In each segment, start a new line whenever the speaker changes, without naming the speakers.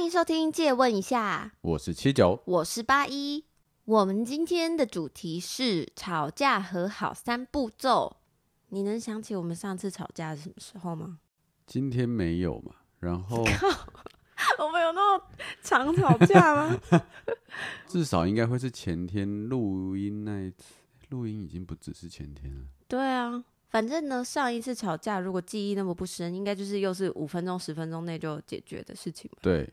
歡迎收聽，借問一下，
我是七九，
我是八一。我們今天的主題是吵架和好三步驟。你能想起我們上次吵架是什麼時候嗎？
今天沒有嘛？然後
我們有那麼常吵架嗎？
至少應該會是前天錄音那一次。錄音已經不只是前天了。
對啊，反正呢，上一次吵架如果記憶那麼不深，應該就是又是五分鐘、十分鐘內就解決的事情。對。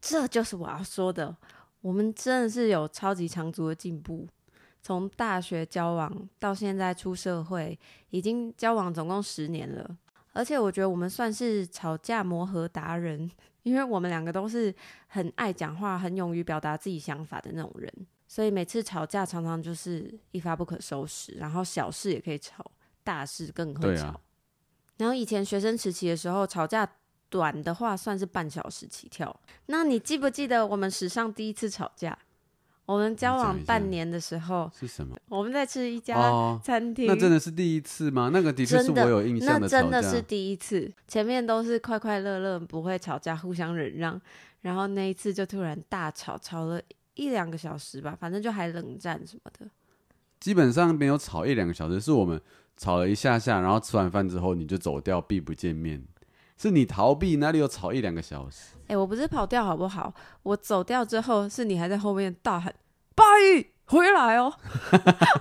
這就是我要說的，我們真的是有超級長足的進步。從大學交往，到現在出社會，已經交往總共十年了。而且我覺得我們算是吵架磨合達人，因為我們兩個都是很愛講話、很勇於表達自己想法的那種人，所以每次吵架常常就是一發不可收拾，然後小事也可以吵，大事更會吵。對啊。然後以前學生時期的時候吵架，短的話算是半小時起跳。那你記不記得我們史上第一次吵架？我們交往半年的時候是什麼？我們在吃一家餐廳。哦，那真的
是第一次嗎？那個的確是我有印象的吵架。真的，那真的是
第一次，前面都是快快樂樂，不會吵架，互相忍讓。然後那一次就突然大吵，吵了一兩個小時吧，反正就還冷戰什麼的。
基本上沒有吵一兩個小時，是我們吵了一下下，然後吃完飯之後你就走掉，避不見面。是你逃避，哪裡有吵一兩個小時？哎、
欸，我不是跑掉好不好？我走掉之後，是你還在後面大喊“拜回來哦”，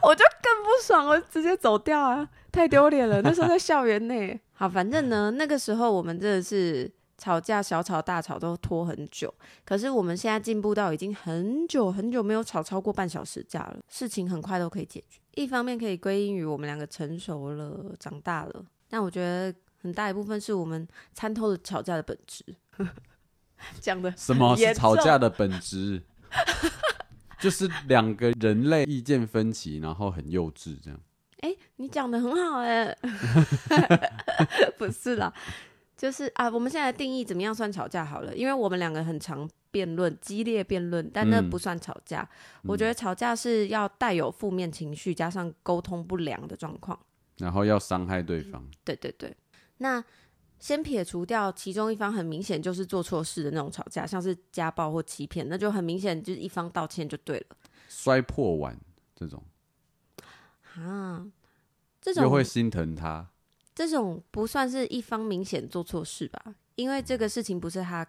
我就更不爽了，直接走掉啊！太丟臉了。那時候在校園內， 好，反正呢，那個時候我們真的是吵架，小吵大吵都拖很久。可是我們現在進步到已經很久很久沒有吵超過半小時架了，事情很快都可以解決。一方面可以歸因於我們兩個成熟了、長大了，但我覺得。很大一部分是我們參透了吵架的本質，講 的什麼？是吵架的
本質， 就是兩個人類意見分歧，然後很幼稚這樣。
哎、欸，你講的很好哎、欸， 不是啦，就是啊，我們現在的定義怎麼樣算吵架好了？因為我們兩個很常辯論，激烈辯論，但那不算吵架。嗯、我覺得吵架是要帶有負面情緒，加上溝通不良的狀況，
然後要傷害對方、嗯。
對對對。那先撇除掉其中一方很明顯就是做錯事的那種吵架，像是家暴或欺騙，那就很明顯就是一方道歉就對了。
摔破碗這種
啊，這種又會心疼他，這種不算是一方明顯做錯事吧？因為這個事情不是他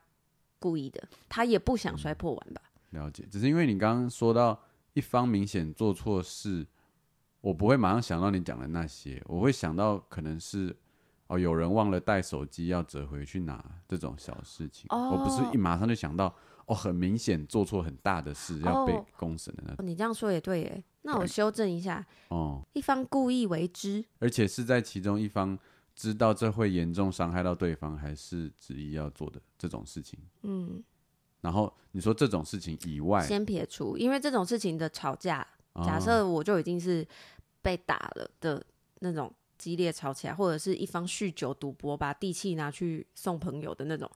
故意的，他也不想摔破碗吧。
嗯，了解，只是因為你剛剛說到一方明顯做錯事，我不會馬上想到你講的那些，我會想到可能是。哦，有人忘了帶手機，要折回去拿這種小事情、哦，我不是一馬上就想到，哦，很明顯做錯很大的事要被公審的那、哦、
你這樣說也對耶。那我修正一下，哦，一方故意為之，
而且是在其中一方知道這會嚴重傷害到對方，還是執意要做的這種事情。嗯，然後你說這種事情以外，先
撇除，因為這種事情的吵架，哦、假設我就已經是被打了的那種。激烈吵起來，或者是一方酗酒賭博，把地契拿去送朋友的那種，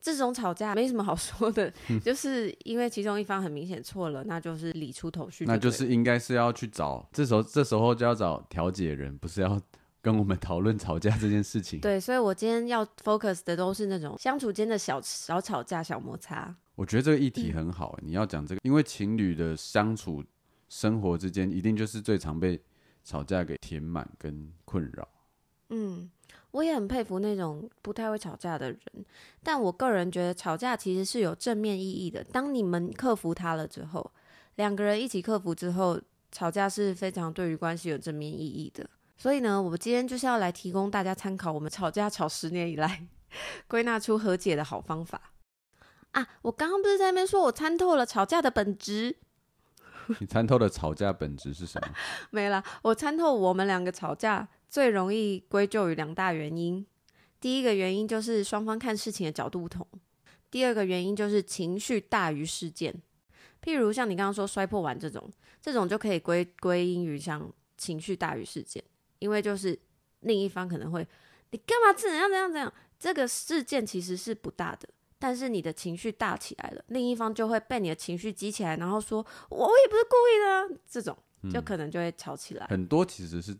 這種吵架沒什麼好說的，嗯、就是因為其中一方很明顯錯了，那就是理出頭緒。那就是
應該是要去找，這時候這時候就要找調解人，不是要跟我們討論吵架這件事情。
對，所以我今天要 focus 的都是那種相處間的小小吵架，小摩擦。
我覺得這個議題很好欸，嗯，你要講這個，因為情侶的相處生活之間，一定就是最常被。吵架給填滿跟困擾，嗯，
我也很佩服那種不太會吵架的人，但我個人覺得吵架其實是有正面意義的。當你們克服它了之後，兩個人一起克服之後，吵架是非常對於關係有正面意義的。所以呢，我們今天就是要來提供大家參考，我們吵架吵十年以來，歸納出和解的好方法啊！我剛剛不是在那邊說我參透了吵架的本質。
你參透的吵架本質是什麼？
沒了，我參透我們兩個吵架最容易歸咎於兩大原因。第一個原因就是雙方看事情的角度不同；第二個原因就是情緒大於事件。譬如像你剛剛說摔破碗這種，這種就可以歸歸因於像情緒大於事件，因為就是另一方可能會你幹嘛怎樣怎樣怎樣，這個事件其實是不大的。但是你的情緒大起來了，另一方就會被你的情緒激起來，然後說我也不是故意的、啊，這種就可能就會吵起來、嗯。很
多其實是，是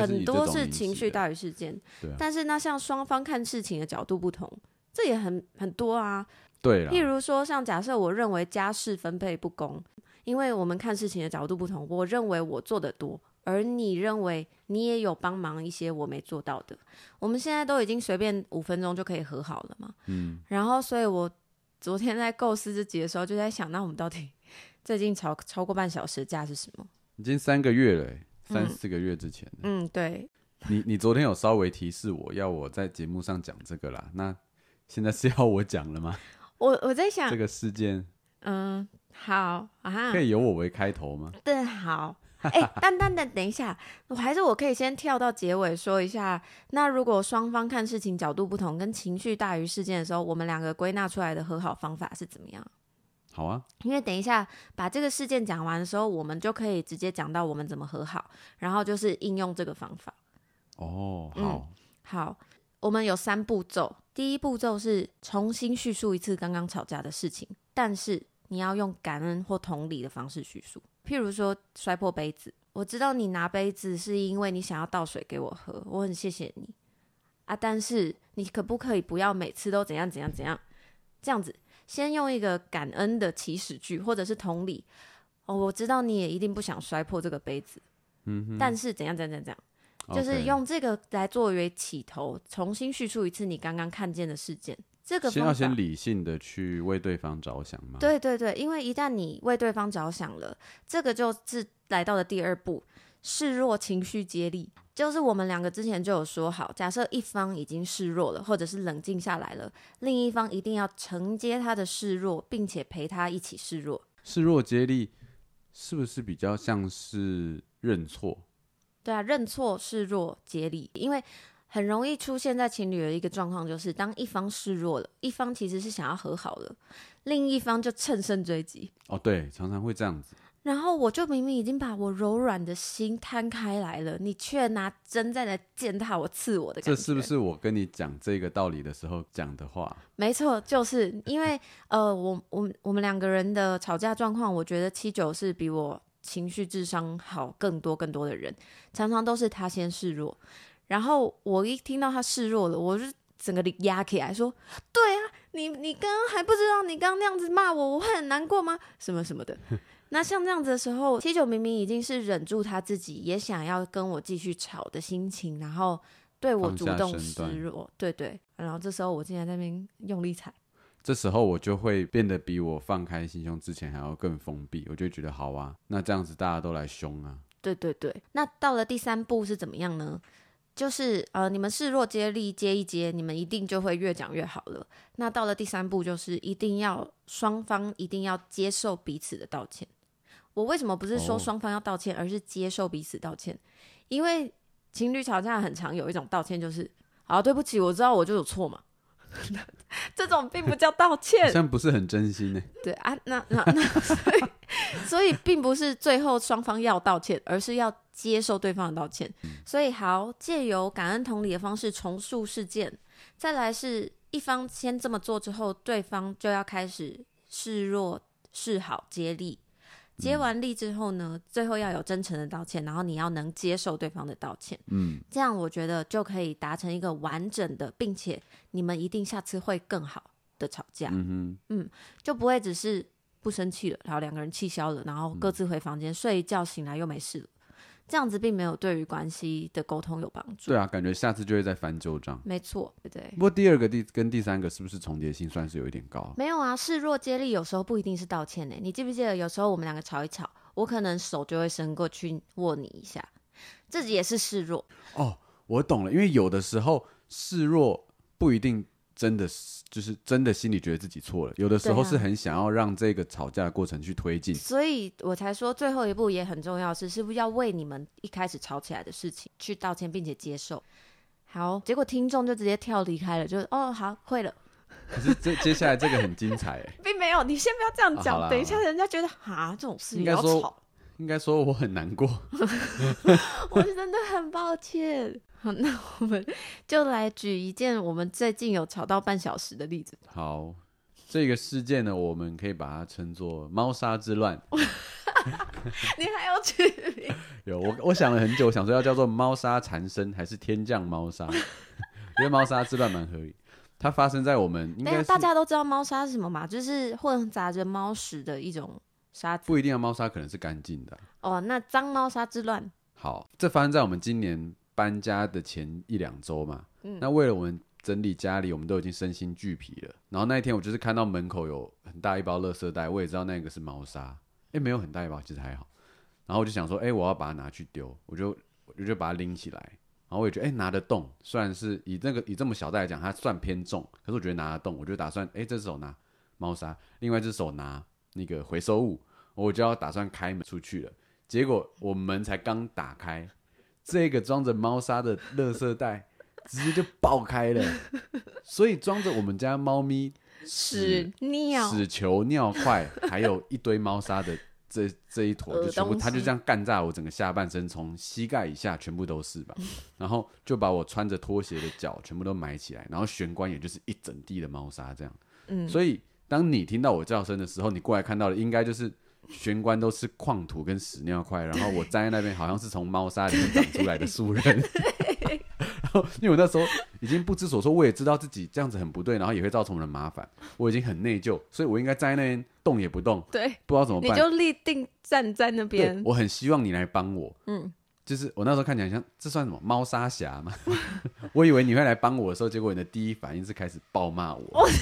很多是情緒
大於事件、啊。但是那像雙方看事情的角度不同，這也很很多啊。
對啊。例如
說，像假設我認為家事分配不公，因為我們看事情的角度不同，我認為我做得多。而你認為你也有幫忙一些我沒做到的。我們現在都已經隨便五分鐘就可以和好了嘛？嗯。然後，所以我昨天在構思這集的時候，就在想，那我們到底最近超超過半小時的架是什麼？
已經三個月了、嗯，三四個月之前嗯。嗯，對。你你昨天有稍微提示我要我在節目上講這個啦。那現在是要我講了嗎？
我我在想這個事件。嗯，好啊，可以
由我為開頭嗎？
對，好。哎、欸，等等等，等一下，我還是我可以先跳到結尾說一下。那如果雙方看事情角度不同，跟情緒大於事件的時候，我們兩個歸納出來的和好方法是怎麼樣？好啊，因為等一下把這個事件講完的時候，我們就可以直接講到我們怎麼和好，然後就是應用這個方法。
哦，好，嗯、
好，我們有三步驟。第一步驟是重新敘述一次剛剛吵架的事情，但是你要用感恩或同理的方式敘述。譬如說摔破杯子，我知道你拿杯子是因為你想要倒水給我喝，我很謝謝你啊，但是你可不可以不要每次都怎樣怎樣怎樣這樣子？先用一個感恩的起始句，或者是同理哦，我知道你也一定不想摔破這個杯子，嗯、但是怎樣怎樣怎樣，怎樣，Okay. 就是用這個來作為起頭，重新敘述一次你剛剛看見的事件。這個先要先
理性的去為對方着想嗎？對
對對，因為一旦你為對方着想了，這個就是來到了第二步，示弱情緒接力，就是我們兩個之前就有說好，假設一方已經示弱了，或者是冷靜下來了，另一方一定要承接他的示弱，並且陪他一起示弱。
示弱接力是不是比較像是認錯？
對啊，認錯示弱接力，因為。很容易出現在情侶的一個狀況，就是當一方示弱了，一方其實是想要和好了，另一方就乘勝追擊。
哦，對，常常會這樣子。
然後我就明明已經把我柔軟的心攤開來了，你卻拿針再來踐踏我、刺我的感覺。這是不
是我跟你講這個道理的時候講的話？
沒錯，就是因為 呃，我、我、我們兩個人的吵架狀況，我覺得七九是比我情緒智商好更多、更多的人，常常都是他先示弱。然後我一聽到他示弱了，我就整個壓起來說：“對啊，你你剛剛還不知道，你剛剛那樣子罵我，我會很難過嗎？什麼什麼的。 那像這樣子的時候，其實明明已經是忍住他自己也想要跟我繼續吵的心情，然後對我主動示弱，對對。然後這時候我竟然在那邊用力踩，
這時候我就會變得比我放開心胸之前還要更封閉，我就覺得好啊，那這樣子大家都來兇啊。
對對對，那到了第三步是怎麼樣呢？”就是呃，你們示弱接力接一接，你們一定就會越講越好了。那到了第三步，就是一定要雙方一定要接受彼此的道歉。我為什麼不是說雙方要道歉，哦，而是接受彼此道歉？因為情侶吵架很常有一種道歉，就是啊對不起，我知道我就有錯嘛。 這種並不叫道歉， 像
不是很真心呢？欸。
對啊，那那那。那所以 所以，並不是最後雙方要道歉，而是要接受對方的道歉。所以好，好借由感恩同理的方式重塑事件。再來是，一方先這麼做之後，對方就要開始示弱、示好、接力。接完力之後呢，最後要有真誠的道歉，然後你要能接受對方的道歉。嗯，這樣我覺得就可以達成一個完整的，並且你們一定下次會更好的吵架。嗯，嗯，就不會只是。不生氣了，然後兩個人氣消了，然後各自回房間、嗯、睡一覺，醒來又沒事了。這樣子並沒有對於關係的溝通有幫助。對啊，
感覺下次就會再翻舊賬。
沒錯，對不對？不過
第二個第跟第三個是不是重疊性算是有一點高，嗯？
沒有啊，示弱接力有時候不一定是道歉耶。你記不記得有時候我們兩個吵一吵，我可能手就會伸過去握你一下，自己也是示弱。
哦，我懂了，因為有的時候示弱不一定。真的是，就是真的心裡覺得自己錯了，有的時候是很想要讓這個吵架的過程去推進、啊，所
以我才說最後一步也很重要是，是是不是要為你們一開始吵起來的事情去道歉，並且接受。好，結果聽眾就直接跳離開了，就哦，好，會了。
可是這接下來這個很精彩、欸。
並沒有，你先不要這樣講、啊，等一下人家覺得啊，這種事情要吵
應該說我很難過，
我真的很抱歉。好，那我們就來舉一件我們最近有吵到半小時的例子。
好，這個事件呢，我們可以把它稱作貓砂之亂。
你還要去
有， 有我，我想了很久，我想說要叫做貓砂纏身，還是天降貓砂？ 因為貓砂之亂蠻合理，它發生在我們，應該大家
都知道貓砂是什麼嘛，就是混雜着貓屎的一種。不
一定要貓砂，可能是乾淨的
啊。哦，那髒貓砂之亂。
好，這發生在我們今年搬家的前一兩周嘛。嗯。那為了我們整理家裡，我們都已經身心俱疲了。然後那一天，我就是看到門口有很大一包垃圾袋，我也知道那個是貓砂。欸，沒有很大一包，其實還好。然後我就想說，欸，我要把它拿去丟，我就我就把它拎起來。然後我也覺得，欸，拿得動。雖然是以那個以這麼小袋來講，它算偏重，可是我覺得拿得動，我就打算，欸，這只手拿貓砂，另外一只手拿。那個回收物，我就要打算開門出去了。結果我門才剛打開，這個裝着貓砂的垃圾袋直接就爆開了。所以裝着我們家貓咪屎,屎尿屎球尿塊，還有一堆貓砂的這這一坨，就全部它就這樣乾炸我整個下半身，從膝蓋以下全部都是吧。然後就把我穿着拖鞋的腳全部都埋起來，然後玄關也就是一整地的貓砂這樣。嗯，所以。當你聽到我叫聲的時候，你過來看到的應該就是玄關都是礦土跟屎尿塊，然後我站在那邊，好像是從貓砂裡面長出來的樹人。然後，因為我那時候已經不知所措，我也知道自己這樣子很不對，然後也會造成人麻煩，我已經很內疚，所以我應該站在那邊動也不動。
對，不知道怎麼辦，你就立定站在那邊。我
很希望你來幫我，嗯，就是我那時候看起來像這算什麼貓砂俠嗎？ 我以為你會來幫我的時候，結果你的第一反應是開始爆罵我。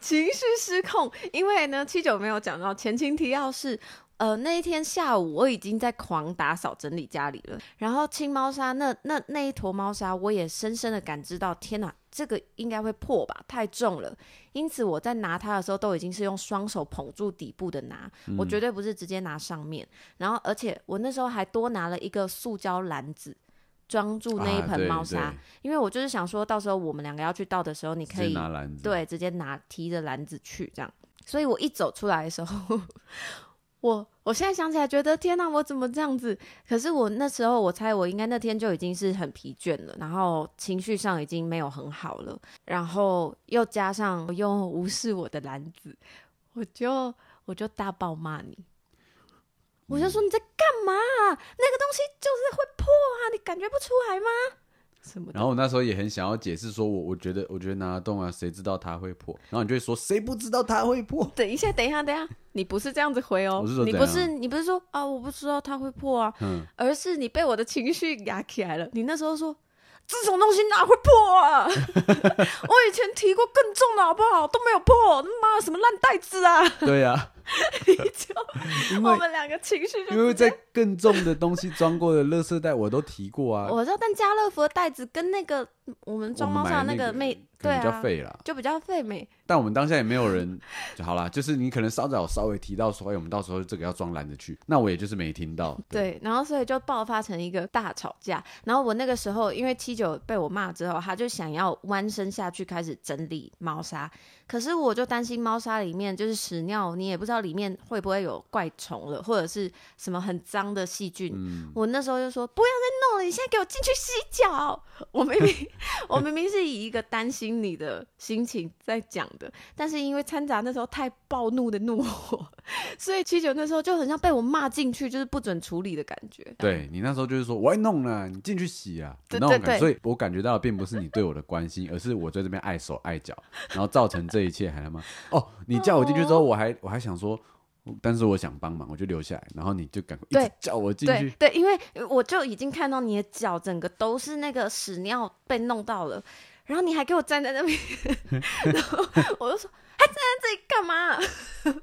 情緒失控，因為呢，七九沒有講到前情提要是，呃，那一天下午我已經在狂打掃整理家裡了，然後清貓砂那那那一坨貓砂我也深深的感知到，天吶，這個應該會破吧，太重了，因此我在拿它的時候都已經是用雙手捧住底部的拿，嗯，我絕對不是直接拿上面，然後而且我那時候還多拿了一個塑膠籃子。裝住那一盆貓砂、啊，因為我就是想說到時候我們兩個要去倒的時候，你可以拿籃子，對，直接拿，提着籃子去這樣。所以我一走出來的時候， 我我現在想起來覺得天哪、啊，我怎麼這樣子？可是我那時候，我猜我應該那天就已經是很疲倦了，然後情緒上已經沒有很好了，然後又加上我又無視我的籃子，我就我就大爆罵你。我就說你在幹嘛啊？那個東西就是會破啊，你感覺不出來嗎？什麼？然後
我那時候也很想要解釋說我，我我覺得我覺得拿得動啊，誰知道它會破？然後你就會說誰不
知道它會破？等一下，等一下，等一下，你不是這樣子回哦， 你不是你不是說啊我不知道它會破啊、嗯，而是你被我的情緒壓起來了。你那時候說這種東西哪會破啊？ 我以前提過更重的好不好？都沒有破，媽的，什麼爛袋子啊？ 對呀。你就，我們兩個情緒就 因，為因為在
更重的東西裝過的垃圾袋，我都提過啊。 我，啊、 我
知道，但家樂福的袋子跟那個。我們裝貓砂那個的、那個、妹，對了、啊、就比較廢妹。
但我們當下也沒有人，就好啦，就是你可能稍早稍微提到說，哎、欸，我們到時候這個要裝籃子去，那我也就是沒聽到對。
對，然後所以就爆發成一個大吵架。然後我那個時候因為七九被我罵之後，他就想要彎身下去開始整理貓砂，可是我就擔心貓砂裡面就是屎尿，你也不知道裡面會不會有怪蟲了，或者是什麼很髒的細菌、嗯。我那時候就說，不要再弄了，你現在給我進去洗腳。我妹妹。 我明明是以一個擔心你的心情在講的，但是因為摻雜那時候太暴怒的怒火，所以七九那時候就很像被我罵進去，就是不准處理的感覺。
對，你那時候就是說，我愛弄了，你進去洗啊，你弄啊，所以我感覺到並不是你對我的關心， 而是我在這邊礙手礙腳，然後造成這一切還，還他媽哦，你叫我進去之後，我還、哦、我還想說。但是我想幫忙，我就留下來。然後你就趕快一直叫我進去。對對，
對，因為我就已經看到你的腳整個都是那個屎尿被弄到了，然後你還給我站在那邊， 然後我就說還站在這裡幹嘛？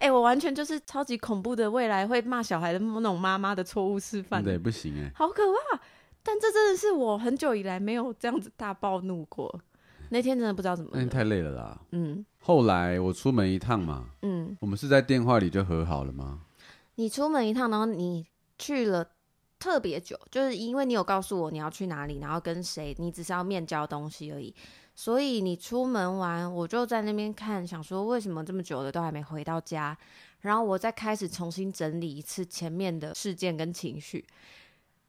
哎、 欸，我完全就是超級恐怖的未來會罵小孩的那種媽媽的錯誤示範，對，不行哎、欸，好可怕。但這真的是我很久以來沒有這樣子大暴怒過。那天真的不知道怎麼。那、欸、
天太累了啦。嗯。後來我出門一趟嘛。嗯。我們是在電話裡就和好了嗎？
你出門一趟，然後你去了特別久，就是因為你有告訴我你要去哪裡，然後跟誰，你只是要面交東西而已。所以你出門完，我就在那邊看，想說為什麼這麼久了都還沒回到家。然後我再開始重新整理一次前面的事件跟情緒，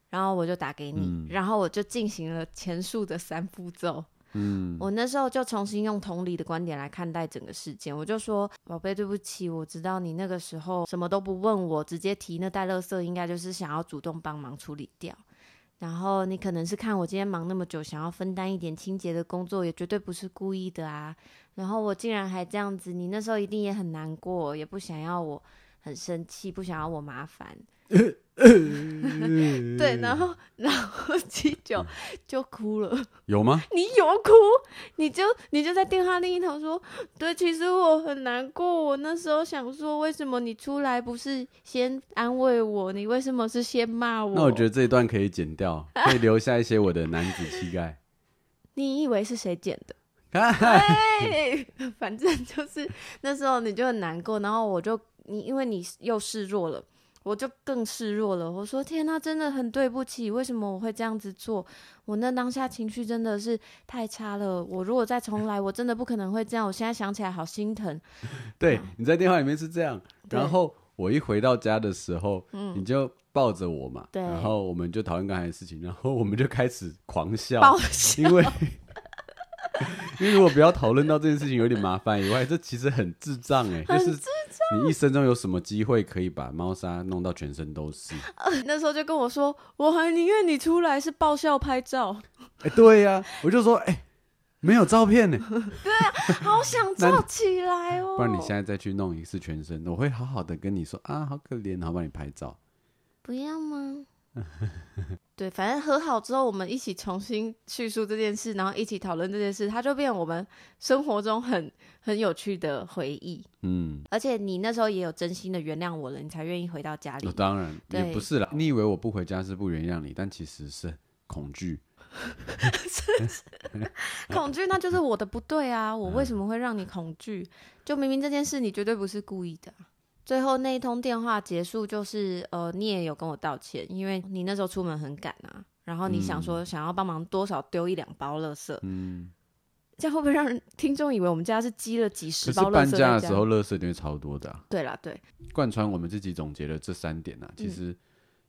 然後我就打給你，嗯、然後我就進行了前述的三步驟。嗯， 我那時候就重新用同理的觀點來看待整個事件，我就說，寶貝，對不起，我知道你那個時候什麼都不問我，直接提那袋垃圾，應該就是想要主動幫忙處理掉。然後你可能是看我今天忙那麼久，想要分擔一點清潔的工作，也絕對不是故意的啊。然後我竟然還這樣子，你那時候一定也很難過，也不想要我很生氣，不想要我麻煩。 對，然後，然後七九就哭了。有嗎？你有哭？你就你就在電話另一頭說：“對，其實我很難過。我那時候想說，為什麼你出來不是先安慰我？你為什麼是先罵我？”那我覺得
這一段可以剪掉，可以留下一些我的男子氣概。
你以為是誰剪的？ 對，反正就是那時候你就很難過，然後我就你因為你又示弱了。我就更示弱了，我說天啊，真的很對不起，為什麼我會這樣子做？我那當下情緒真的是太差了，我如果再重來，我真的不可能會這樣。 我現在想起來好心疼。
對，你在電話裡面是這樣，然後我一回到家的時候，你就抱着我嘛、嗯，然後我們就討論剛才的事情，然後我們就開始狂笑，爆笑因為。 因為如果不要討論到這件事情有點麻煩以外，這其實很智障哎、欸，就是你一生中有什麼機會可以把貓砂弄到全身都是、
呃？那時候就跟我說，我還寧願你出來是爆笑拍照。
哎、欸，對呀、啊，我就說哎、欸，沒有照片呢、欸。
對啊，好想照起來哦。 不然你現在再
去弄一次全身，我會好好的跟你說啊，好可憐，然後幫你拍照。
不要嗎？ 對，反正和好之後，我們一起重新敘述這件事，然後一起討論這件事，它就變我們生活中很很有趣的回憶。嗯，而且你那時候也有真心的原諒我了，你才願意回到家裡。哦、
當然也不是啦，你以為我不回家是不原諒你，但其實是恐懼。
恐懼？那就是我的不對啊！我為什麼會讓你恐懼？就明明這件事你絕對不是故意的。最後那一通電話結束，就是呃，你也有跟我道歉，因為你那時候出門很趕啊，然後你想說想要幫忙多少丟一兩包樂色，嗯，這樣會不會讓人聽眾以為我們家是積了幾十包垃圾？是搬家的時候
樂色一定超多的，啊。對啦，對，貫穿我們自己總結的這三點呢，啊，其實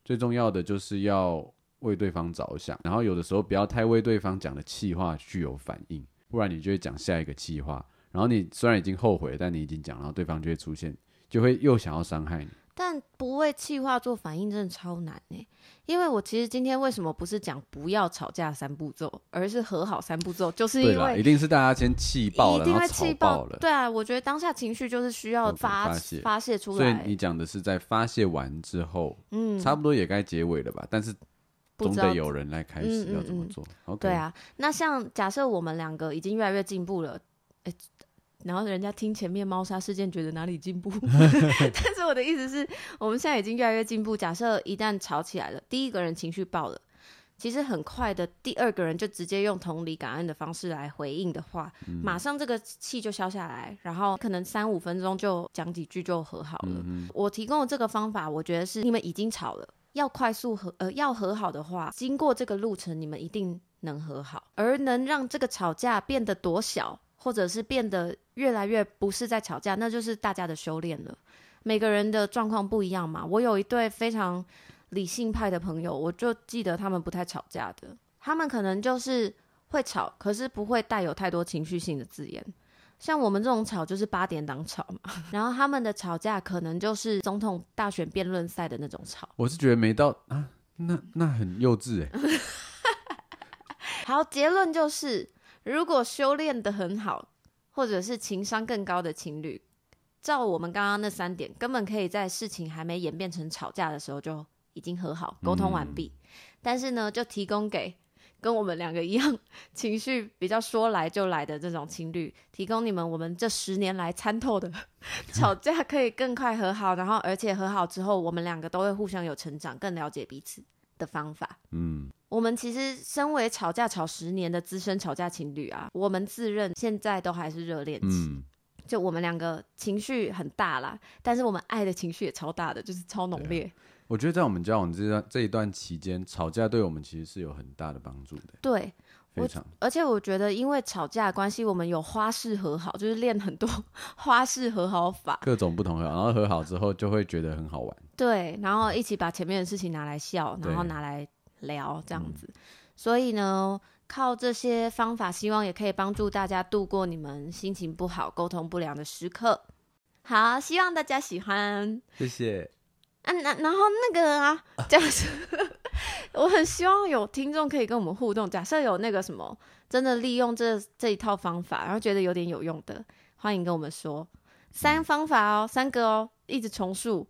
最重要的就是要為對方着想，嗯，然後有的時候不要太為對方講的氣話具有反應，不然你就會講下一個氣話，然後你雖然已經後悔，但你已經講，然後對方就會出現。就會又想要傷害你，
但不為氣話做反應真的超難哎、欸！因為我其實今天為什麼不是講不要吵架三步驟，而是和好三步驟，就是因為一
定是大家先氣爆了，他、嗯、氣爆，爆了。對
啊，我覺得當下情緒就是需要發發洩，發泄出來、欸。所以
你講的是在發泄完之後，嗯，差不多也該結尾了吧？但是總得有人來開始要怎麼做。嗯嗯嗯 okay. 對啊，
那像假設我們兩個已經越來越進步了，欸然後人家聽前面貓砂事件，覺得哪裡進步？ 但是我的意思是，我們現在已經越來越進步。假設一旦吵起來了，第一個人情緒爆了，其實很快的，第二個人就直接用同理、感恩的方式來回應的話，馬上這個氣就消下來，然後可能三五分鐘就講幾句就和好了。嗯。我提供的這個方法，我覺得是你們已經吵了，要快速和呃要和好的話，經過這個路程，你們一定能和好，而能讓這個吵架變得多小，或者是變得。越來越不是在吵架，那就是大家的修煉了。每個人的狀況不一樣嘛。我有一對非常理性派的朋友，我就記得他們不太吵架的。他們可能就是會吵，可是不會帶有太多情緒性的字眼。像我們這種吵，就是八點檔吵嘛。然後他們的吵架可能就是總統大選辯論賽的那種吵。
我是覺得沒到啊，那那很幼稚欸。
好，結論就是，如果修煉得很好。或者是情商更高的情侶，照我們剛剛那三點，根本可以在事情還沒演變成吵架的時候就已經和好、溝通完畢。嗯、但是呢，就提供給跟我們兩個一樣情緒比較說來就來的這種情侶，提供你們我們這十年來參透的吵架可以更快和好，啊、然後而且和好之後，我們兩個都會互相有成長、更了解彼此的方法。嗯。我們其實身為吵架吵十年的資深吵架情侶啊，我們自認現在都還是熱戀期，嗯，就我們兩個情緒很大啦，但是我們愛的情緒也超大的，就是超濃烈。啊，
我覺得在我們交往這段這一段期間，吵架對我們其實是有很大的幫助
的。對，非常。而且我覺得因為吵架的關係，我們有花式和好，就是練很多花式和好法，各
種不同和好，然後和好之後就會覺得很好玩。
對，然後一起把前面的事情拿來笑，然後拿來。聊這樣子，嗯，所以呢，靠這些方法，希望也可以幫助大家度過你們心情不好、溝通不良的時刻。好，希望大家喜歡，
謝謝。
然、啊、然後那個啊，假、啊、設 我很希望有聽眾可以跟我們互動。假設有那個什麼，真的利用這這一套方法，然後覺得有點有用的，歡迎跟我們說。三方法哦，嗯、三個哦，一直重述，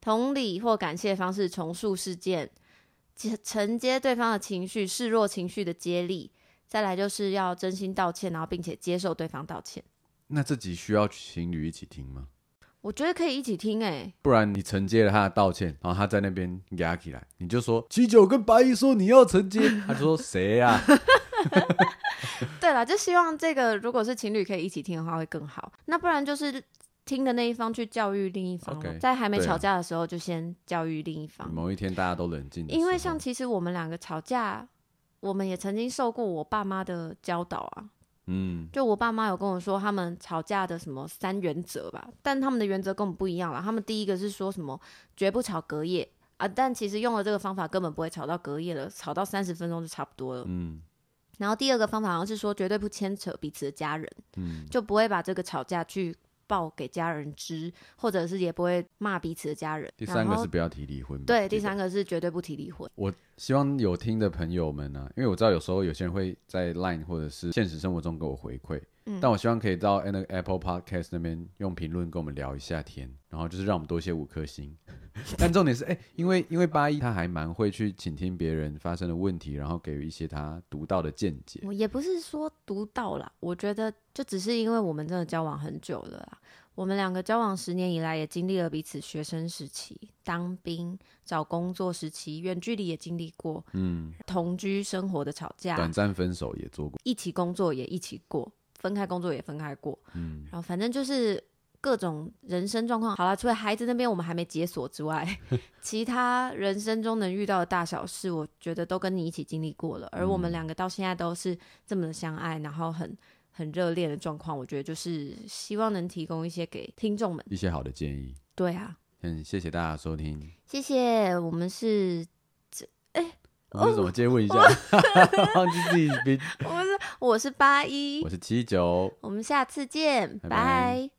同理或感謝方式重述事件。承接對方的情緒，示弱情緒的接力，再來就是要真心道歉，然後並且接受對方道歉。
那這集需要情侶一起聽嗎？
我覺得可以一起聽誒、欸，
不然你承接了他的道歉，然後他在那邊壓起來，你就說七九跟白姨說你要承接， 他就說誰
呀、啊？ 對了，就希望這個如果是情侶可以一起聽的話會更好。那不然就是。聽的那一方去教育另一方，Okay, 在還沒吵架的時候就先教育另一方。
某一天大家都冷靜，因為
像其實我們兩個吵架，我們也曾經受過我爸媽的教導啊。嗯，就我爸媽有跟我說他們吵架的什麼三原則吧，但他們的原則跟我們不一樣了。他們第一個是說什麼絕不吵隔夜啊，但其實用了這個方法根本不會吵到隔夜了，吵到三十分鐘就差不多了。嗯，然後第二個方法好像是說絕對不牽扯彼此的家人，嗯，就不會把這個吵架去。報給家人知，或者是也不會罵彼此的家人。第三個是不
要提離婚。對，第三
個是絕對不提離婚。
我希望有聽的朋友們呢、啊，因為我知道有時候有些人會在 Line 或者是現實生活中給我回饋。但我希望可以到那個 Apple Podcast 那邊用評論跟我們聊一下天，然後就是讓我們多些五顆星。 但重點是，哎、欸，因為因為八一他還蠻會去傾聽別人發生的問題，然後給予一些他獨到的見解。
我也不是說獨到啦，我覺得就只是因為我們真的交往很久了啦，我們兩個交往十年以來，也經歷了彼此學生時期、當兵、找工作時期，遠距離也經歷過，嗯，同居生活的吵架、短暫
分手也做過，一
起工作也一起過。分開工作也分開過，嗯，然後反正就是各種人生狀況。好啦，除了孩子那邊我們還沒解鎖之外，其他人生中能遇到的大小事，我覺得都跟你一起經歷過了、嗯。而我們兩個到現在都是這麼的相愛，然後很很熱戀的狀況，我覺得就是希望能提供一些給聽眾們
一些好的建議。對啊，很謝謝大家收聽，
謝謝。我們是。
我、oh, oh, 是什麼？直接問一下， 忘記自己。不
是，我是八一，我
是七九。
我們下次見，拜拜。Bye.